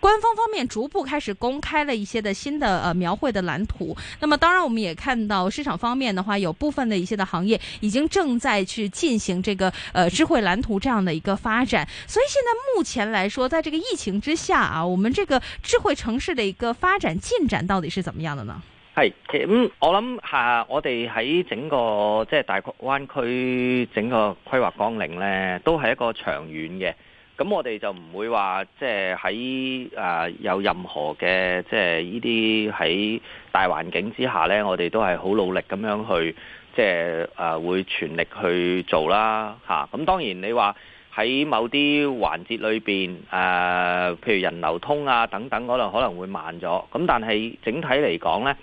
官方方面逐步開始公開了一些的新的呃描繪的藍圖。那麼，當然我們也看到市場方面的話，有部分的一些的行業已經正在去進行這個呃智慧藍圖這樣的一個發展。所以現在目前來說，在這個疫情之下啊，我們這個智慧城市的一個發展進展到底是怎麼樣的呢？係咁，嗯，我諗下，啊，我哋喺整個即係，就是、大灣區整個規劃綱領咧，都係一個長遠嘅。咁我哋就唔會話，即係喺誒有任何嘅，即係呢啲喺大環境之下呢，我哋都係好努力咁樣去，即係會全力去做啦，嚇。咁當然你話喺某啲環節裏面，誒，譬如人流通啊等等可能可能會慢咗，咁但係整體嚟講呢，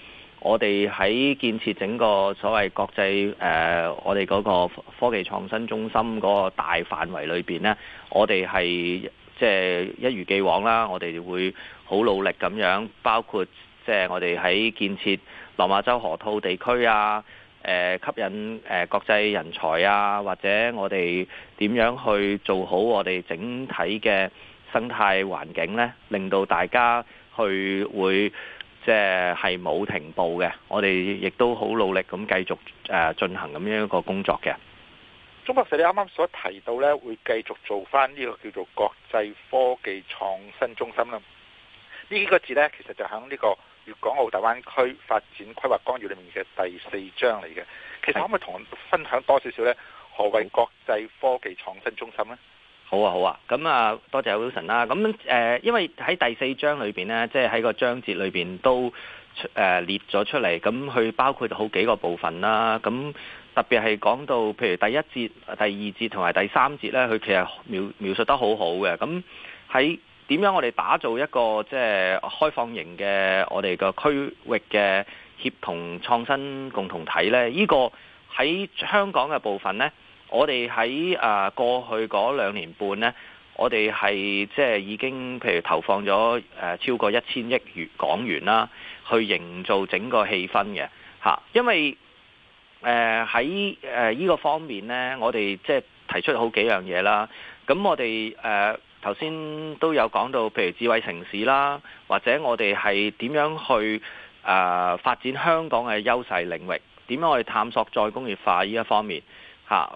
我哋喺建設整個所謂國際誒、呃，我哋嗰個科技創新中心嗰個大範圍裏面呢，呢我哋係即係一如既往啦，我哋會好努力咁樣，包括即係我哋喺建設落馬洲河套地區啊，呃、吸引誒、呃、國際人才啊，或者我哋點樣去做好我哋整體嘅生態環境呢，令到大家去會。即係冇停步嘅，我哋亦都好努力咁繼續誒進行咁樣一個工作嘅。鍾博士，你啱啱所提到呢，會繼續做翻呢個叫做國際科技創新中心啦。呢幾個字呢，其實就響呢個粵港澳大灣區發展規劃綱要裏面嘅第四章嚟嘅。其實可唔可以同我分享多少少呢？何為國際科技創新中心呢？好啊好啊，咁啊那多謝 Wilson 啦。咁、呃、因為喺第四章裏面呢，即係喺個章節裏面都列咗出嚟，咁佢包括了好幾個部分啦。咁特別係講到譬如第一節、第二節同埋第三節呢，佢其實描描述得很好好嘅。咁喺點樣我哋打造一個即係開放型嘅我哋個區域嘅協同創新共同體呢？呢、呢個喺香港嘅部分呢。我哋喺啊過去嗰兩年半呢，我哋係即係已經，譬如投放咗誒超過一千億元港元啦，去營造整個氣氛嘅嚇，因為喺誒呢個方面呢，我哋即係提出好幾樣嘢啦。咁我哋誒頭先都有講到，譬如智慧城市啦，或者我哋係點樣去啊、呃、發展香港嘅優勢領域，點樣去探索再工業化呢一方面。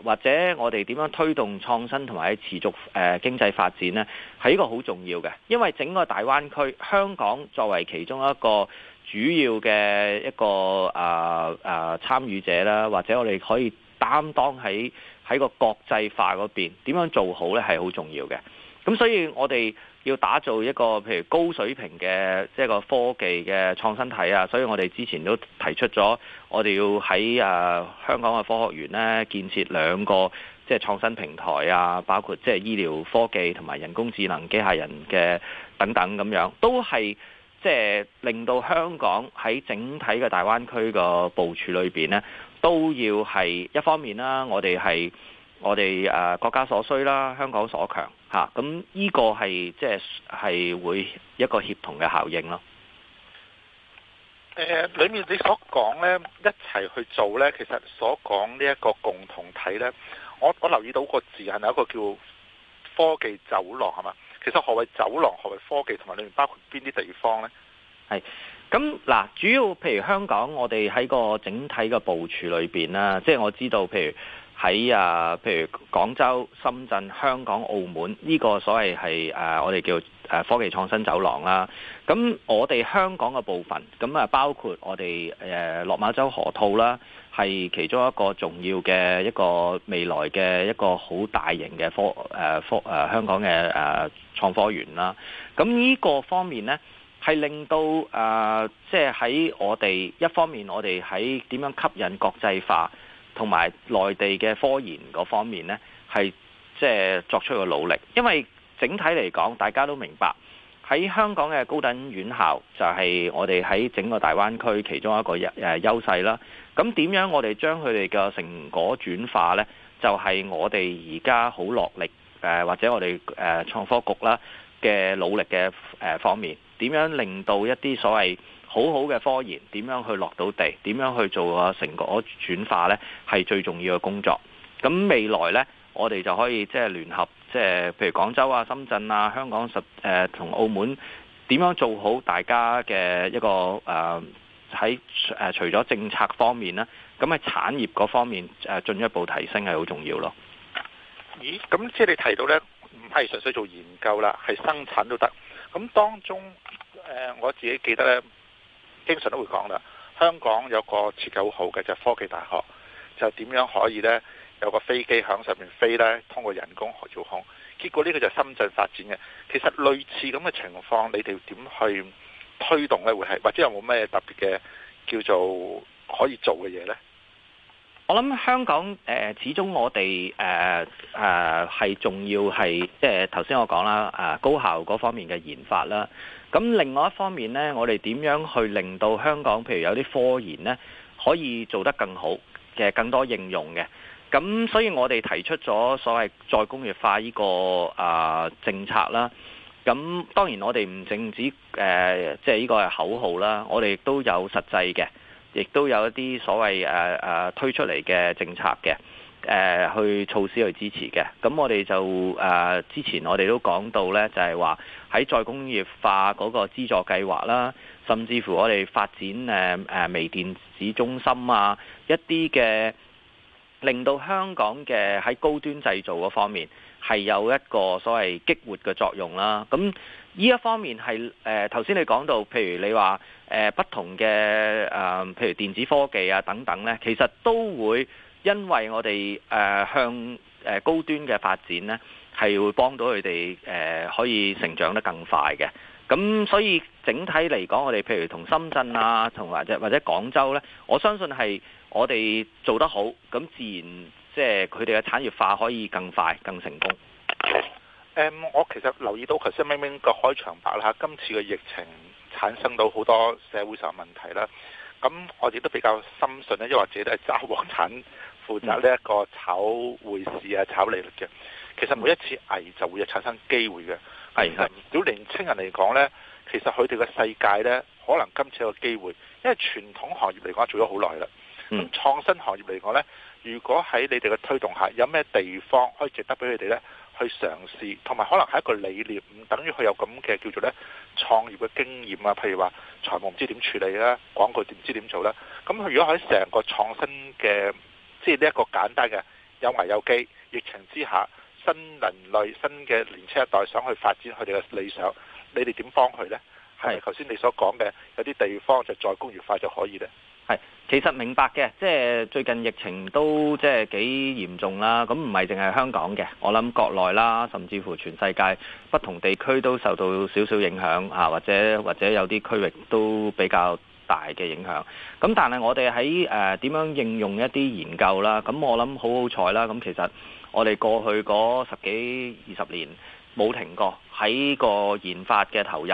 或者我哋點樣推動創新同埋持續誒經濟發展呢，係一個好重要嘅，因為整個大灣區，香港作為其中一個主要嘅一個啊啊參與者啦，或者我哋可以擔當喺喺個國際化嗰邊點樣做好呢，係好重要嘅。咁所以我哋。要打造一個譬如高水平嘅即係個科技嘅創新體啊，所以我哋之前都提出咗，我哋要喺誒香港嘅科學園咧建設兩個即係創新平台啊，包括即係醫療科技同埋人工智能機械人嘅等等咁樣，都係即係令到香港喺整體嘅大灣區個部署裏邊咧，都要係一方面啦，我哋係我哋誒國家所需啦，香港所強。吓、咁呢個係即係係會一個協同嘅效應咯。誒、呃，裡面你所講咧，一齊去做咧，其實所講呢一個共同體咧，我我留意到個字係咪一個叫科技走廊係嘛？其實何謂走廊？何謂科技？同埋裏面包括邊啲地方咧？係，咁嗱，主要譬如香港，我哋喺個整體嘅部署裏邊啦，即係我知道譬如。喺啊，譬如廣州、深圳、香港、澳門呢、呢個所謂係誒、啊、我哋叫科技創新走廊啦。咁我哋香港嘅部分，咁啊包括我哋誒落馬洲河套啦，係其中一個重要嘅一個未來嘅一個好大型嘅科、啊、科、啊、香港嘅誒、啊、創科園啦。咁呢個方面呢，係令到啊，即係喺我哋一方面，我哋喺點樣吸引國際化？同埋內地嘅科研嗰方面呢，係即係作出個努力，因為整體嚟講，大家都明白喺香港嘅高等院校就係我哋喺整個大灣區其中一個誒優勢啦。咁點樣我哋將佢哋嘅成果轉化呢，就係我哋而家好落力誒，或者我哋誒創科局啦嘅努力嘅誒方面，點樣令到一啲所謂好好嘅科研，點樣去落到地？點樣去做成果轉化呢？係最重要嘅工作。咁未來呢，我哋就可以即係聯合，即係譬如廣州啊、深圳啊、香港實、呃、同澳門，點樣做好大家嘅一個誒喺、呃、除咗政策方面咧，咁喺產業嗰方面進一步提升係好重要咯。咦？咁即係你提到呢，唔係純粹做研究啦，係生產都得。咁當中、呃、我自己記得呢。經常都會講啦，香港有個設計好嘅就是、科技大學，就點樣可以呢？有個飛機響上面飛呢，通過人工去操控，結果呢個就是深圳發展嘅。其實類似咁嘅情況，你哋點去推動呢？會係或者有冇咩特別嘅叫做可以做嘅嘢呢？我諗香港誒、呃，始終我哋誒誒係重要係即係頭先我講啦，誒、呃、高校嗰方面嘅研發啦。咁另外一方面呢，我哋點樣去令到香港，譬如有啲科研呢可以做得更好嘅更多應用嘅？咁所以我哋提出咗所謂再工業化呢、呢個、啊、政策啦。咁當然我哋唔淨止誒、呃、即係呢個係口號啦，我哋亦都有實際嘅，亦都有一啲所謂誒誒、啊啊、推出嚟嘅政策嘅誒、啊、去措施去支持嘅。咁我哋就誒、啊、之前我哋都講到呢，就係、係、話。喺再工業化嗰個資助計劃啦，甚至乎我哋發展誒誒微電子中心啊，一啲嘅令到香港嘅喺高端製造嗰方面係有一個所謂激活嘅作用啦。咁呢一方面係誒頭先你講到，譬如你話、呃、不同嘅、呃、譬如電子科技啊等等呢，其實都會因為我哋、呃、向、呃、高端嘅發展呢。係會幫到佢哋、呃、可以成長得更快嘅。咁所以整體嚟講，我哋譬如同深圳啊，同或者或者廣州呢，我相信係我哋做得好，咁自然即係佢哋嘅產業化可以更快、更成功。嗯、我其實留意到頭先明明個開場白啦，今次嘅疫情產生到好多社會上問題啦。咁我哋都比較深信咧，因為或者都係揸黃產負責呢一個炒匯市啊、的炒利率嘅。其實每一次危就會有產生機會嘅，係係、嗯。對於唔少年青人嚟講呢，其實佢哋嘅世界呢，可能今次有機會，因為傳統行業嚟講做咗好耐啦。咁、嗯、創新行業嚟講呢，如果喺你哋嘅推動下，有咩地方可以值得俾佢哋呢去嘗試，同埋可能係一個理念，唔等於佢有咁嘅叫做呢創業嘅經驗啊。譬如話財務唔知點處理啦，廣告唔知點做啦。咁佢如果喺成個創新嘅，即係呢一個簡單嘅有危有機疫情之下。新人類、新嘅年青一代，想去發展佢哋嘅理想，你哋點幫佢呢？係頭先你所講嘅有啲地方就再工業化就可以呢？係，其實明白嘅，即係最近疫情都即係幾嚴重啦。咁唔係淨係香港嘅，我諗國內啦，甚至乎全世界不同地區都受到少少影響啊，或者或者有啲區域都比較大嘅影響。咁但係我哋喺誒點樣應用一啲研究啦？咁我諗好好彩啦。咁其實。我哋過去嗰十幾二十年冇停過喺個研發嘅投入，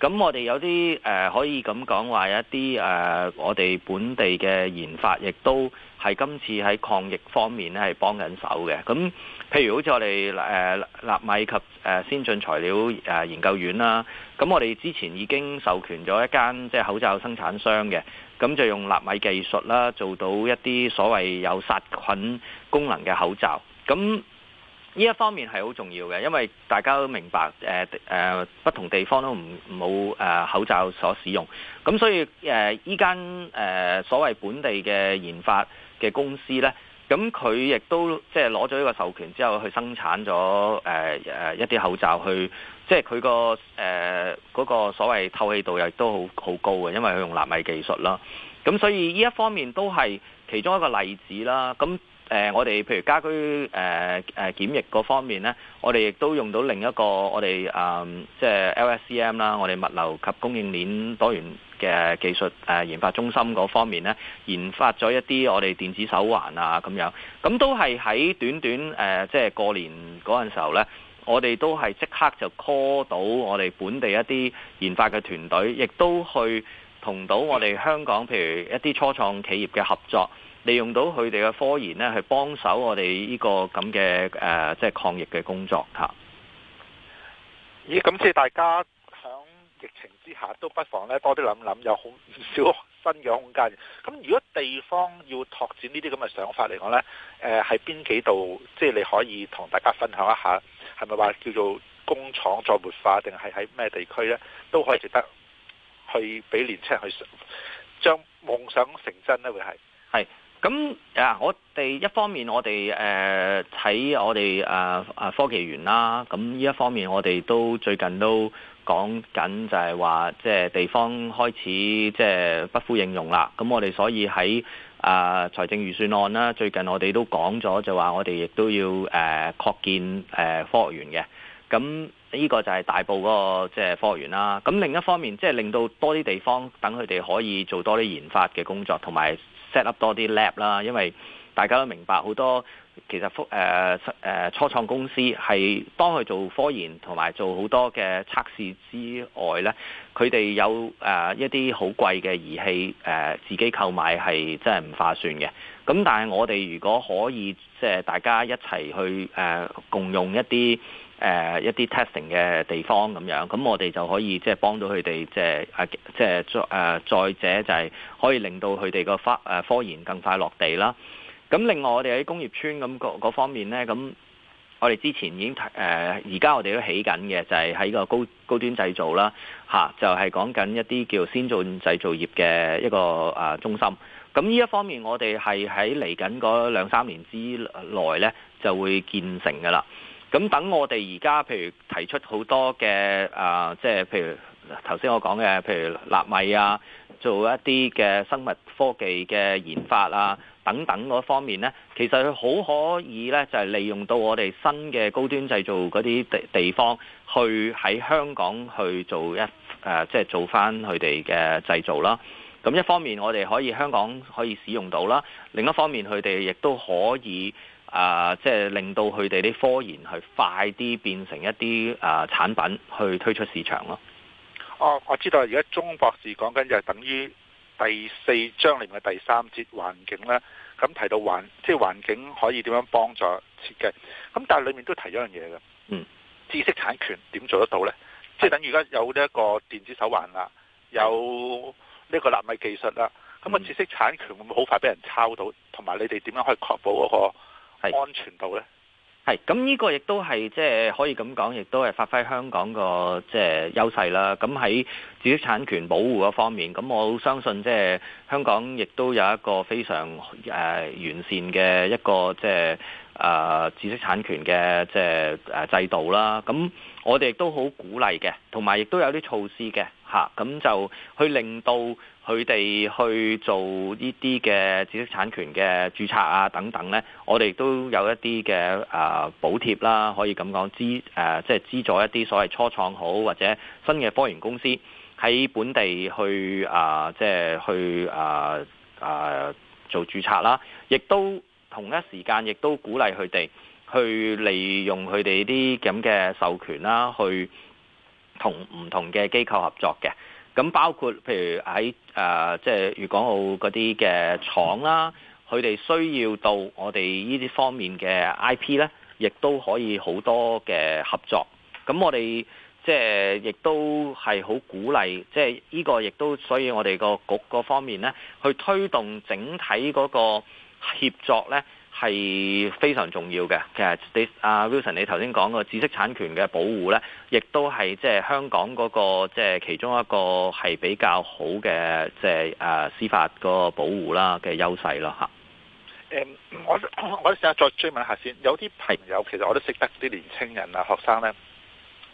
咁我哋有啲可以咁講話，有一啲我哋本地嘅研發，亦都係今次喺抗疫方面咧係幫緊手嘅。咁譬如好似我哋誒納米及先進材料研究院啦，咁我哋之前已經授權咗一間即係口罩生產商嘅，咁就用納米技術啦，做到一啲所謂有殺菌功能嘅口罩。咁呢一方面係好重要嘅，因為大家都明白誒、呃呃、不同地方都唔冇、呃、口罩所使用，咁所以誒依間誒所謂本地嘅研發嘅公司呢，咁佢亦都即係攞咗呢個授權之後去生產咗誒、呃、一啲口罩去，即係佢個誒嗰個所謂透氣度又都好好高嘅，因為佢用納米技術啦。咁所以呢一方面都係其中一個例子啦。咁呃、我哋譬如家居、呃、檢疫嗰方面呢，我哋亦都用到另一個我哋、呃、即係 LSCM 啦，我哋物流及供應鏈多元嘅技術、呃、研發中心嗰方面呢研發咗一啲我哋電子手環啊咁樣，咁都係喺短短誒、呃，即係過年嗰陣時候呢我哋都係即刻就 call 到我哋本地一啲研發嘅團隊，亦都去同到我哋香港譬如一啲初創企業嘅合作。利用到佢哋嘅科研呢，去幫手我哋呢個咁嘅誒，即係抗疫嘅工作吓。咦、啊，咁即係大家響疫情之下，都不妨呢，多啲諗諗，有好少新嘅空間。咁如果地方要拓展呢啲咁嘅想法嚟講呢，誒、呃，喺邊幾度，即係你可以同大家分享一下，係咪話叫做工廠再活化，定係喺咩地區呢？都可以值得去俾年青人去將夢想成真呢、啊，會係係。咁啊！我哋一方面我，呃、我哋誒睇我哋啊啊科技員啦，咁、啊、呢一方面，我哋都最近都講緊就係話，即係地方開始即係不敷應用啦。咁我哋所以喺啊財政預算案啦，最近我哋都講咗就話，我哋亦都要誒、啊、擴建誒、啊、科學員嘅。咁、啊、呢、這個就係大埔嗰個即係科學園啦。咁另一方面，即係令到多啲地方等佢哋可以做多啲研發嘅工作，同埋，set up 多啲 lab 啦，因為大家都明白好多其實複誒、呃、初創公司係幫佢做科研同埋做好多嘅測試之外呢，佢哋有誒、呃、一啲好貴嘅儀器誒、呃、自己購買係真係唔劃算嘅。咁但係我哋如果可以即係大家一齊去誒、呃、共用一啲。誒、呃、一啲 testing 嘅地方咁樣，咁我哋就可以即係幫到佢哋即係、啊、即係再誒再者就係、是、可以令到佢哋個科科研更快落地啦。咁另外我哋喺工業村咁各方面呢，咁我哋之前已經誒，而、呃、家我哋都起緊嘅，就係、是、喺個高高端製造啦，吓、啊，就係講緊一啲叫先進製造業嘅一個中心。咁呢一方面我哋係喺嚟緊嗰兩三年之內呢就會建成㗎喇。咁等我哋而家，譬如提出好多嘅啊，即係譬如頭先我講嘅，譬如納米啊，做一啲嘅生物科技嘅研發啊，等等嗰方面咧，其實佢好可以咧，就係利用到我哋新嘅高端製造嗰啲地地方，去喺香港去做一誒即係做翻佢哋嘅製造啦。咁一方面我哋可以香港可以使用到啦，另一方面佢哋亦都可以。啊、呃，即係令到佢哋啲科研去快啲變成一啲啊、呃、產品去推出市場咯、嗯。哦、啊，我知道，而家鍾博士講緊就係等於第四章裏面嘅第三節環境啦。咁提到環，即係環境可以點樣幫助設計？咁但係裏面都提咗樣嘢嘅，嗯，知識產權點做得到呢？嗯、即係等於而家有呢一個電子手環啦，有呢個納米技術啦，咁、那、啊、個、知識產權會唔會好快俾人抄到？同埋你哋點樣可以確保嗰、那個？係安全度咧，係咁呢個亦都係即係可以咁講，亦都係發揮香港個即係優勢啦。咁喺知識產權保護嗰方面，咁我相信即係香港亦都有一個非常誒完善，嘅一個即係啊知識產權嘅即係誒制度啦。咁我哋亦都好鼓勵嘅，同埋亦都有啲措施嘅吓，咁就去令到。佢哋去做呢啲嘅知識產權嘅註冊啊等等呢，我哋都有一啲嘅啊補貼啦，可以咁講資誒、呃，即係資助一啲所謂初創好或者新嘅科研公司喺本地去啊、呃，即係去啊啊、呃呃、做註冊啦，亦都同一時間亦都鼓勵佢哋去利用佢哋啲咁嘅授權啦，去同唔同嘅機構合作嘅。咁包括譬如喺誒，即係粵港澳嗰啲嘅廠啦、啊，佢哋需要到我哋呢啲方面嘅 IP 呢，亦都可以好多嘅合作。咁我哋即係亦都係好鼓勵，即係呢個亦都，所以我哋個局個方面呢，去推動整體嗰個協作呢，係非常重要嘅，其實阿 Wilson，你頭先講個知識產權嘅保護呢，亦都係即係香港嗰個即係其中一個係比較好嘅即係誒司法嗰個保護啦嘅優勢咯吓、嗯，我我試下再追問下先，有啲朋友是其實我都識得啲年青人啊、學生呢，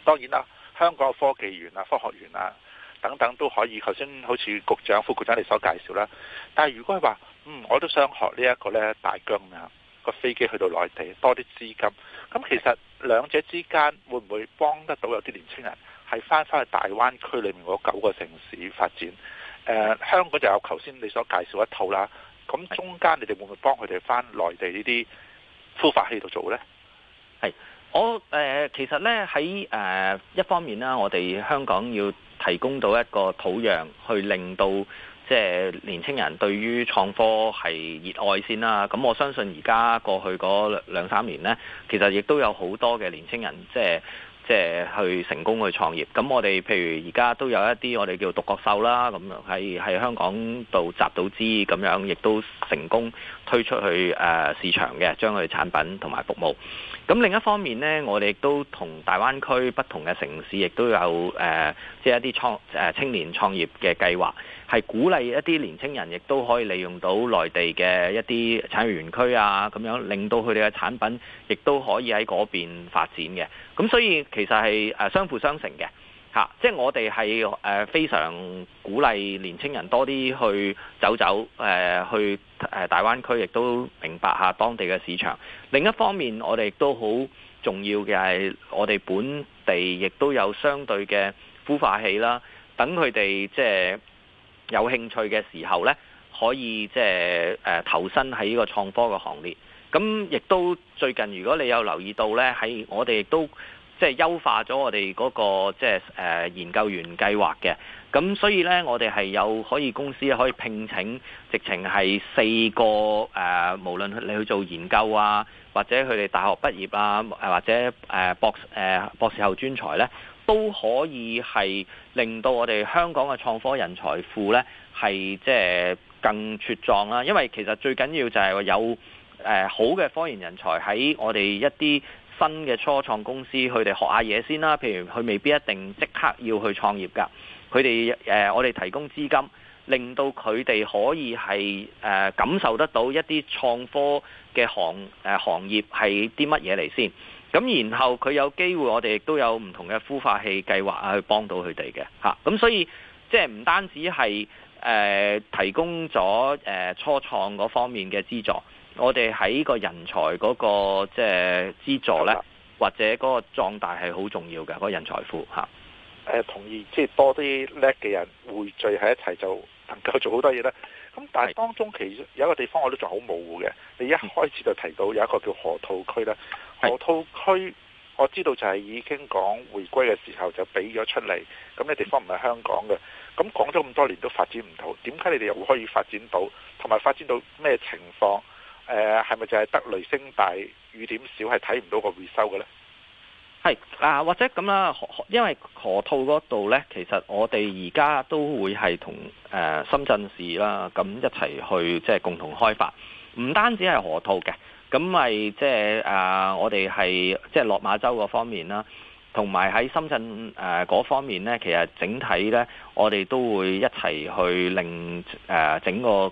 當然啦，香港嘅科技園啊、科學園啊等等都可以。頭先好似局長、副局長你所介紹啦，但係如果係話嗯，我都想學呢一個呢大疆啊。個飛機去到內地，多啲資金，咁其實兩者之間會唔會幫得到有啲年輕人係返返去大灣區裏面嗰九個城市發展？誒、呃，香港就有頭先你所介紹一套啦。咁中間你哋會唔會幫佢哋返內地呢啲孵化器度做呢？係我誒、呃，其實呢喺誒、呃、一方面啦，我哋香港要提供到一個土壤，去令到。即係年青人對於創科係熱愛先啦。咁我相信而家過去嗰兩三年呢，其實亦都有好多嘅年青人，即係即係去成功去創業。咁我哋譬如而家都有一啲我哋叫獨角獸啦，咁喺喺香港度集到資，咁樣亦都成功推出去誒、啊、市場嘅將佢產品同埋服務。咁另一方面呢，我哋亦都同大灣區不同嘅城市，亦都有誒即係一啲創誒青年創業嘅計劃。係鼓勵一啲年青人，亦都可以利用到內地嘅一啲產業園區啊，咁樣令到佢哋嘅產品亦都可以喺嗰邊發展嘅。咁所以其實係誒相輔相成嘅嚇，即係我哋係誒非常鼓勵年青人多啲去走走誒，去誒大灣區，亦都明白下當地嘅市場。另一方面，我哋亦都好重要嘅係，我哋本地亦都有相對嘅孵化器啦，等佢哋即係。有興趣嘅時候呢，可以即係誒投身喺呢個創科嘅行列。咁亦都最近，如果你有留意到呢，喺我哋亦都即係優化咗我哋嗰個即係誒研究員計劃嘅。咁所以呢，我哋係有可以公司可以聘請，直情係四個誒、呃，無論你去做研究啊，或者佢哋大學畢業啊，或者誒、呃、博誒、呃、博士後專才呢。都可以係令到我哋香港嘅創科人才庫咧係即係更茁壯啦，因為其實最緊要就係有誒好嘅科研人才喺我哋一啲新嘅初創公司，佢哋學下嘢先啦。譬如佢未必一定即刻要去創業噶，佢哋誒我哋提供資金，令到佢哋可以係誒感受得到一啲創科嘅行誒行業，係啲乜嘢嚟先。咁然後佢有機會，我哋亦都有唔同嘅孵化器計劃去幫到佢哋嘅吓。咁所以即係唔單止係、呃、提供咗、呃、初創嗰方面嘅資助，我哋喺個人才嗰個即係資助咧，的或者嗰個壯大係好重要嘅嗰個人才庫、啊、同意，即係多啲叻嘅人匯聚喺一齊，就能夠做好多嘢呢。咁但係當中其實有一個地方我都仲好模糊嘅，你一開始就提到有一個叫河套區啦。河套區我知道就係已經講回歸嘅時候就俾咗出嚟，咁嘅地方唔係香港嘅，咁講咗咁多年都發展唔到，點解你哋又可以發展到，同埋發展到咩情況？誒，係咪就係得雷聲大雨點小，係睇唔到個回收嘅呢？係啊，或者咁啦，因為河套嗰度呢，其實我哋而家都會係同深圳市啦，咁一齊去即係共同開發，唔單止係河套嘅，咁咪即係誒我哋係即係落馬洲嗰方面啦。同埋喺深圳誒嗰、呃、方面呢，其實整體呢，我哋都會一齊去令誒、呃、整個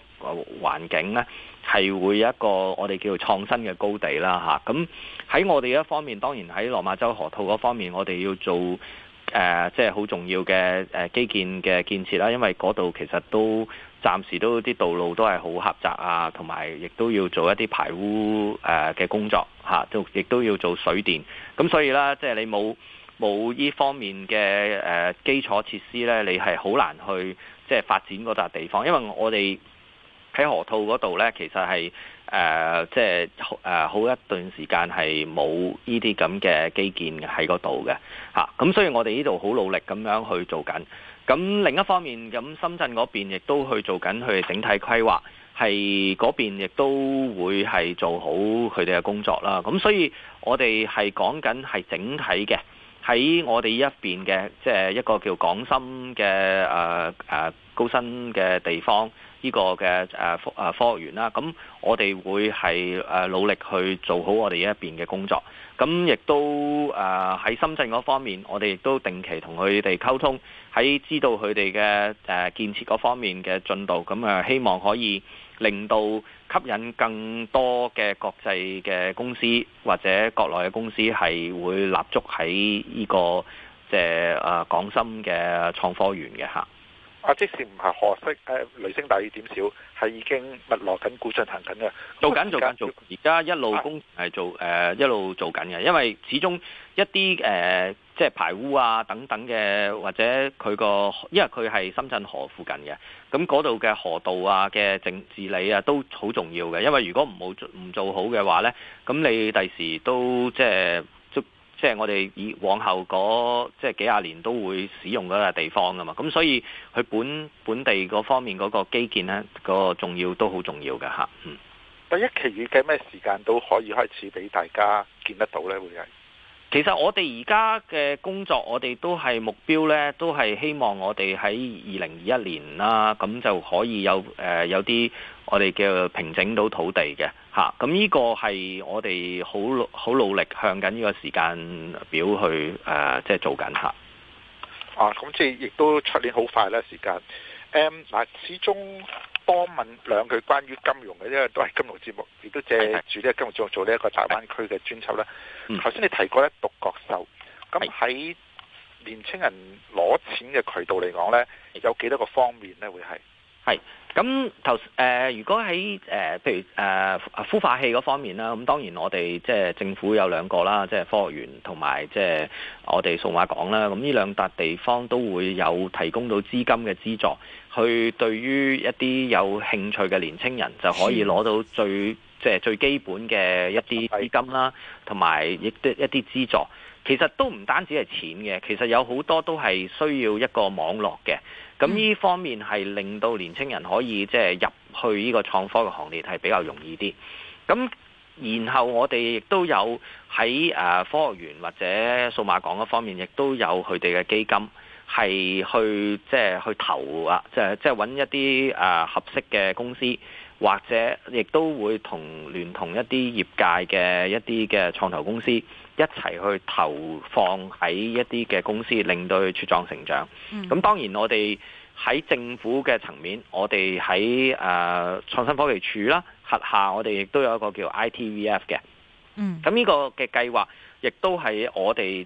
環境呢，係會一個我哋叫做創新嘅高地啦吓，咁、啊、喺我哋一方面，當然喺落馬洲河套嗰方面，我哋要做誒即係好重要嘅誒基建嘅建設啦，因為嗰度其實都。暫時都啲道路都係好狹窄啊，同埋亦都要做一啲排污嘅工作嚇，都、啊、亦都要做水電。咁所以呢，即係你冇冇依方面嘅誒、啊、基礎設施呢，你係好難去即係發展嗰笪地方。因為我哋喺河套嗰度呢，其實係誒、啊、即係誒好一段時間係冇呢啲咁嘅基建喺嗰度嘅嚇。咁、啊、所以我哋呢度好努力咁樣去做緊。咁另一方面，咁深圳嗰邊亦都去做緊佢哋整體規劃，係嗰邊亦都會係做好佢哋嘅工作啦。咁所以我哋係講緊係整體嘅，喺我哋一邊嘅即係一個叫港深嘅誒誒高新嘅地方。呢個嘅誒科學園啦，咁我哋會係誒努力去做好我哋呢一邊嘅工作，咁亦都誒喺深圳嗰方面，我哋亦都定期同佢哋溝通，喺知道佢哋嘅誒建設嗰方面嘅進度，咁誒希望可以令到吸引更多嘅國際嘅公司或者國內嘅公司係會立足喺呢個即係誒港深嘅創科園嘅嚇。啊！即使唔係何式，誒雷聲大雨點小，係已經密鑼緊鼓，進行緊嘅。做緊做緊做，而、啊、家、啊、一路工係做、啊、一路做緊嘅。因為始終一啲、呃、即係排污啊等等嘅，或者佢個，因為佢係深圳河附近嘅，咁嗰度嘅河道啊嘅整治理啊都好重要嘅。因為如果唔好，唔做好嘅話咧，咁你第時都即係。即係我哋以往後嗰即係幾廿年都會使用嗰個地方噶嘛，咁所以佢本本地嗰方面嗰個基建咧，嗰個重要都好重要嘅吓。嗯，第一期預計咩時間都可以開始俾大家見得到咧？會係。其實我哋而家嘅工作，我哋都係目標呢，都係希望我哋喺二零二一年啦，咁就可以有誒、呃、有啲我哋嘅平整到土地嘅嚇。咁、啊、呢個係我哋好好努力向緊呢個時間表去誒，即係做緊嚇。啊，咁、就是啊、即係亦都出年好快啦時間。誒，嗱，始終。多問兩句關於金融嘅，因為都係金融節目，亦都借住呢個金融節目做呢一個大灣區嘅專輯啦。頭先你提過咧獨角獸，咁喺年青人攞錢嘅渠道嚟講咧，有幾多個方面咧會係係？咁、呃、如果喺誒、呃，譬如誒，孵、呃、化器嗰方面啦，咁當然我哋即係政府有兩個啦，即係科學園同埋即係我哋數碼港啦。咁呢兩笪地方都會有提供到資金嘅資助，去對於一啲有興趣嘅年青人就可以攞到最即係最基本嘅一啲資金啦，同埋亦都一啲資助。其實都唔單止係錢嘅，其實有好多都係需要一個網絡嘅。咁呢方面係令到年青人可以即係入去呢個創科嘅行列係比較容易啲。咁然後我哋亦都有喺科學園或者數碼港嗰方面，亦都有佢哋嘅基金係去即係去投啊，即係即係揾一啲合適嘅公司，或者亦都會同聯同一啲業界嘅一啲嘅創投公司。一齊去投放喺一啲嘅公司，令到佢茁壯成長。咁、嗯、當然我哋喺政府嘅層面，我哋喺誒創新科技署啦，轄下我哋亦都有一個叫 ITVF 嘅。咁呢、嗯、個嘅計劃也是，亦都係我哋誒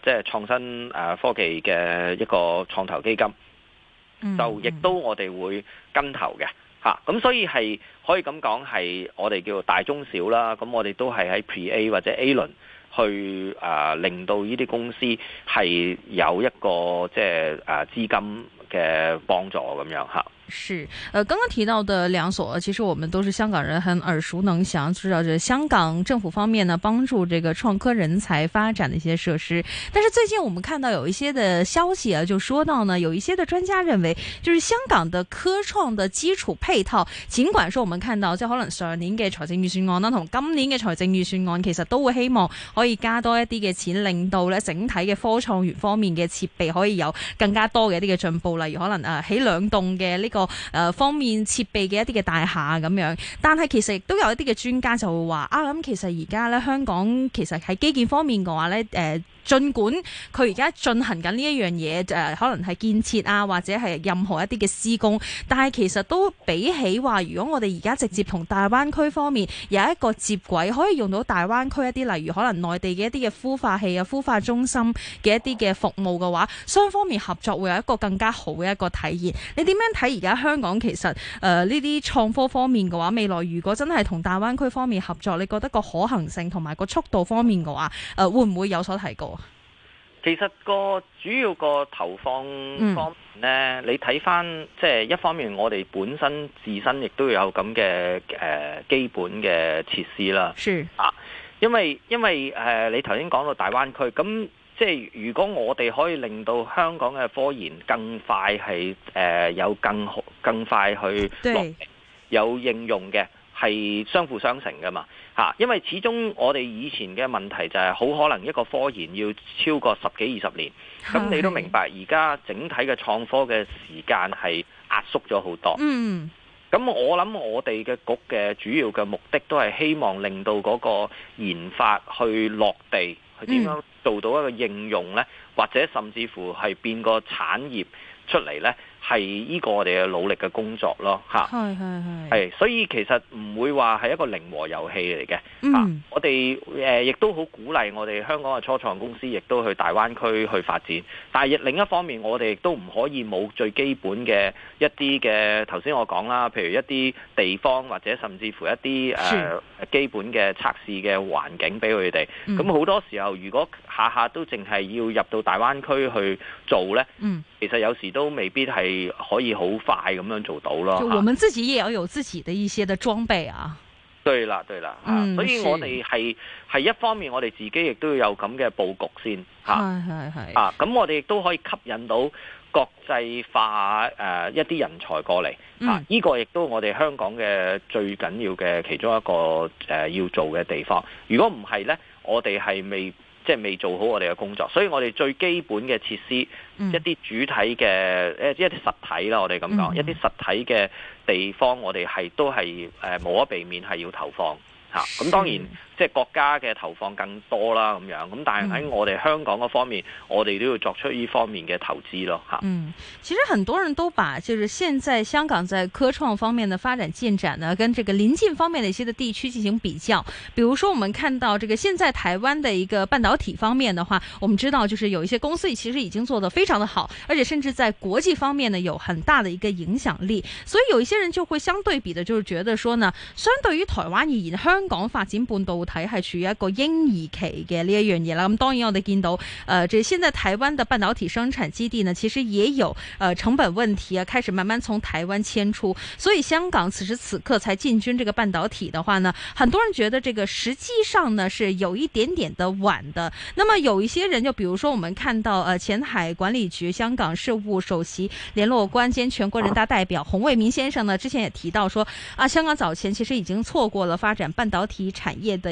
即係創新誒科技嘅一個創投基金，就亦都我哋會跟投嘅。嚇、嗯，咁、啊、所以係可以咁講係我哋叫做大中小啦。咁我哋都係喺 Pre-A 或者 A 輪。去啊、呃，令到呢啲公司係有一個即係啊資金嘅幫助咁樣吓。是，呃，剛剛提到的兩所，其實我們都是香港人，很耳熟能詳，就知道這香港政府方面呢，幫助這個創科人才發展的一些設施。但是最近我們看到有一些的消息啊，就說到呢，有一些的專家認為，就是香港的科創的基礎配套，盡管說我們看到即可能上年嘅財政預算案啦，同今年嘅財政預算案，其實都會希望可以加多一啲嘅錢，令到呢整體嘅科創園方面嘅設備可以有更加多嘅一啲嘅進步，例如可能啊，起兩棟嘅呢個。誒，方面設備嘅一啲嘅大廈咁樣，但係其實亦都有一啲嘅專家就會話啊，咁其實而家咧香港其實喺基建方面嘅話咧，誒、呃。盡管佢而家進行緊呢一樣嘢，誒、呃、可能係建設啊，或者係任何一啲嘅施工，但係其實都比起話，如果我哋而家直接同大灣區方面有一個接軌，可以用到大灣區一啲，例如可能內地嘅一啲嘅孵化器啊、孵化中心嘅一啲嘅服務嘅話，雙方面合作會有一個更加好嘅一個體驗。你點樣睇而家香港其實誒呢啲創科方面嘅話未來如果真係同大灣區方面合作，你覺得個可行性同埋個速度方面嘅話，誒、呃、會唔會有所提高？其實個主要個投放方面咧，嗯、你睇翻即係一方面，我哋本身自身亦都有咁嘅誒基本嘅設施啦。是啊，因為因為誒、呃，你頭先講到大灣區，咁即係如果我哋可以令到香港嘅科研更快係誒、呃、有更好更快去落對有應用嘅，係相輔相成㗎嘛。吓！因為始終我哋以前嘅問題就係好可能一個科研要超過十幾二十年，咁你都明白而家整體嘅創科嘅時間係壓縮咗好多。嗯，咁我諗我哋嘅局嘅主要嘅目的都係希望令到嗰個研發去落地，去點樣做到一個應用呢？或者甚至乎係變個產業出嚟呢。係呢個我哋嘅努力嘅工作咯，嚇係是，所以其實唔會話係一個零和遊戲嚟嘅。嗯啊，我哋誒亦都好鼓勵我哋香港嘅初創公司，亦都去大灣區去發展。但係另一方面，我哋亦都唔可以冇最基本嘅一啲嘅頭先我講啦，譬如一啲地方或者甚至乎一啲誒、呃、基本嘅測試嘅環境俾佢哋。咁好、嗯、多時候，如果下下都淨係要入到大灣區去做呢，嗯、其實有時都未必係。可以好快咁樣做到咯。就我們自己也要有自己的一些的裝備啊。對啦，對啦，嗯、所以我哋係係一方面，我哋自己亦都要有咁嘅布局先。係係係啊，咁是、啊、我哋亦都可以吸引到國際化誒、呃、一啲人才過嚟啊！呢、嗯、個亦都我哋香港嘅最緊要嘅其中一個誒、呃、要做嘅地方。如果唔係呢，我哋係未。即係未做好我哋嘅工作，所以我哋最基本嘅設施，嗯、一啲主體嘅，誒一啲實體啦，我哋咁講，嗯、一啲實體嘅地方，我哋係都係，誒、呃，冇可避免係要投放吓。咁、啊、當然。嗯即係國家嘅投放更多啦，咁樣咁，但係喺我哋香港方面，我哋都要作出呢方面嘅投資咯，吓。嗯，其實很多人都把，就是現在香港在科創方面的發展進展呢，跟這個鄰近方面的一些的地區進行比較。比如說，我們看到這個現在台灣的一個半導體方面的話，我們知道就是有一些公司其實已經做得非常的好，而且甚至在國際方面呢有很大的一個影響力。所以有一些人就會相對比的，就是覺得說呢，相對於台灣而言，香港發展半導台係處於一個嬰兒期嘅呢一樣嘢啦，咁當然我哋見到呃，這現在台灣的半導體生產基地呢，其實也有呃成本問題啊，開始慢慢從台灣遷出，所以香港此時此刻才進軍這個半導體的話呢，很多人覺得這個實際上呢是有一點點的晚的。那麼有一些人就，比如說我們看到呃，前海管理局香港事務首席聯絡官兼全國人大代表洪為民先生呢，之前也提到說，啊，香港早前其實已經錯過了發展半導體產業的，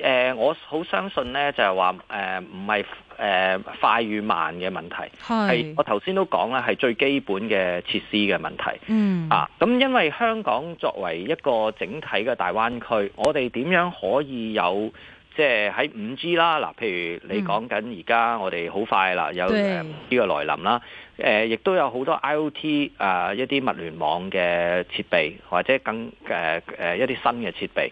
誒、呃，我好相信咧，就係話誒，唔係誒快與慢嘅問題，係是我頭先都講啦，係最基本嘅設施嘅問題。嗯，啊，咁因為香港作為一個整體嘅大灣區，我哋點樣可以有即係喺五 G 啦，嗱，譬如你講緊而家我哋好快、嗯、的啦，有呢個來臨啦，誒，亦都有好多 IOT 啊、呃，一啲物聯網嘅設備，或者更誒誒、呃、一啲新嘅設備。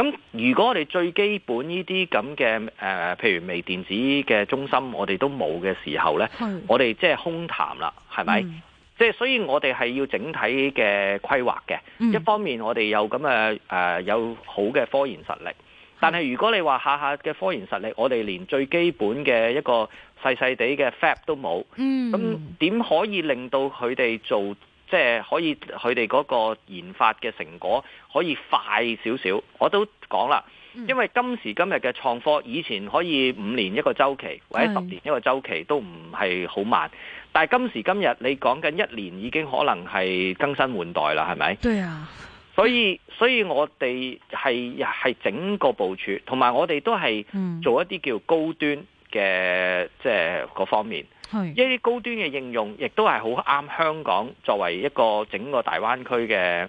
咁如果我哋最基本呢啲咁嘅誒，譬如微電子嘅中心，我哋都冇嘅時候呢，是我哋即係空談啦，係咪？嗯、即係所以我哋係要整體嘅規劃嘅。嗯、一方面我哋有咁嘅誒有好嘅科研實力，是但係如果你話下下嘅科研實力，我哋連最基本嘅一個細細哋嘅 fab 都冇，咁點、嗯、可以令到佢哋做？即係可以佢哋嗰個研發嘅成果可以快少少，我都講啦，因為今時今日嘅創科，以前可以五年一個週期或者十年一個週期都唔係好慢，但係今時今日你講緊一年已經可能係更新換代啦，係咪？對啊，所以所以我哋係係整個部署，同埋我哋都係做一啲叫高端。嘅即係嗰方面，是一啲高端嘅應用，亦都係好啱香港作為一個整個大灣區嘅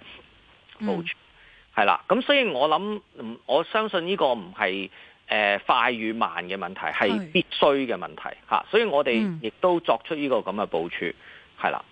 部署，係啦、嗯。咁所以我諗，我相信呢個唔係，誒、呃、快與慢嘅問題，係必須嘅問題，吓是、啊，所以我哋亦都作出呢個咁嘅部署，係啦、嗯。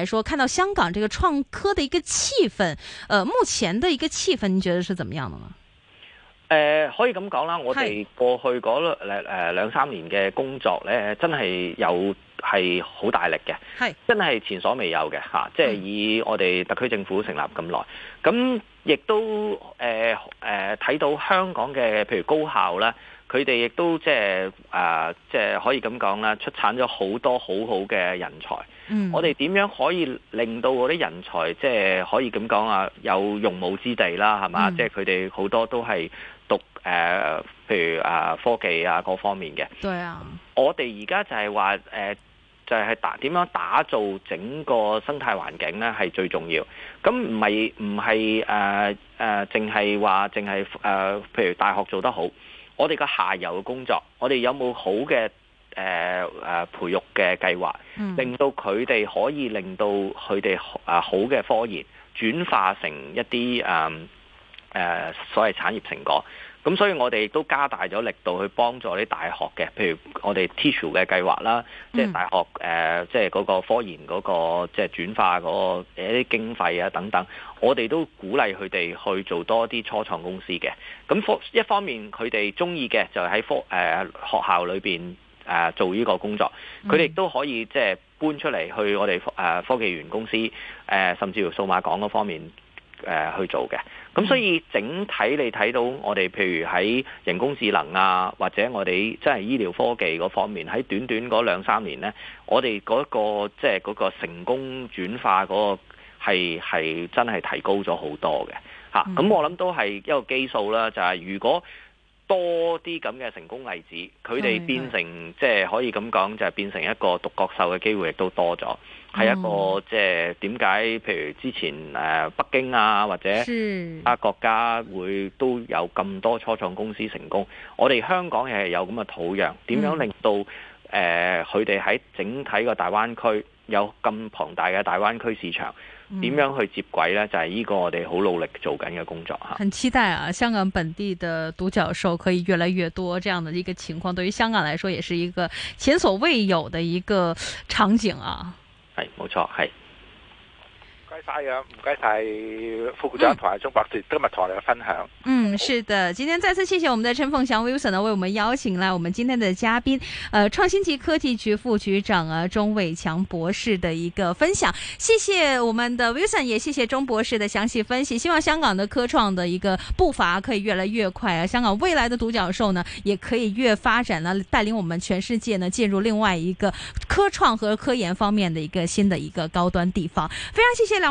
嚟說，看到香港這個創科的一個氣氛，呃，目前的一個氣氛，你覺得是怎麼樣的呢？呃，可以咁講啦，我哋過去嗰兩三年嘅工作咧，真係有係好大力嘅，是真係前所未有嘅吓，啊，即係以我哋特區政府成立咁耐，咁亦都誒誒睇到香港嘅譬如高校啦。佢哋亦都即係誒即係可以咁講啦，出產咗好多好好嘅人才。嗯、我哋點樣可以令到嗰啲人才即係、就是、可以咁講啊，有用武之地啦，係嘛？即係佢哋好多都係讀誒、呃、譬如誒、呃、科技啊各方面嘅。對啊，我哋而家就係話誒就係打點樣打造整個生態環境咧，係最重要。咁唔係唔係誒誒淨係話淨係誒譬如大學做得好。我哋嘅下游嘅工作，我哋有冇好嘅誒誒培育嘅計劃，令到佢哋可以令到佢哋誒好嘅科研轉化成一啲誒誒所謂產業成果。咁所以我哋都加大咗力度去幫助啲大學嘅，譬如我哋 teaching 嘅計劃啦，即係大學即係嗰個科研嗰個即係轉化嗰一啲經費啊等等，我哋都鼓勵佢哋去做多啲初創公司嘅。咁一一方面佢哋中意嘅就喺科誒、呃、學校裏面誒做呢個工作，佢哋亦都可以即係搬出嚟去我哋科技園公司誒、呃，甚至乎數碼港嗰方面，誒去做嘅，咁所以整體你睇到我哋，譬如喺人工智能啊，或者我哋即係醫療科技嗰方面，喺短短嗰兩三年咧，我哋嗰個即係嗰個成功轉化嗰個係係真係提高咗好多嘅吓，咁、嗯、我諗都係一個基數啦，就係、是、如果多啲咁嘅成功例子，佢哋變成即係是可以咁講，就係、是、變成一個獨角獸嘅機會亦都多咗。係一個即係點解？譬如之前誒、呃、北京啊，或者啊國家會都有咁多初創公司成功。我哋香港亦係有咁嘅土壤。點樣令到誒佢哋喺整體個大灣區有咁龐大嘅大灣區市場？點樣去接軌呢？就係、是、呢個我哋好努力做緊嘅工作吓。很期待啊！香港本地的獨角獸可以越來越多，這樣的一個情況對於香港來說，也是一個前所未有的一個場景啊！係，冇錯係。唔該晒，副局長同阿鍾博士今日同我哋分享。嗯，是的，今天再次謝謝我們的陳鳳翔 Wilson 呢，為我們邀請了我們今天的嘉賓，呃，創新及科技局副局長啊鍾偉強博士的一個分享。謝謝我們的 Wilson，也謝謝鍾博士的詳細分析。希望香港的科創的一個步伐可以越來越快啊！香港未來的獨角獸呢，也可以越發展呢，帶領我們全世界呢進入另外一個科創和科研方面的一個新的一個高端地方。非常謝謝兩。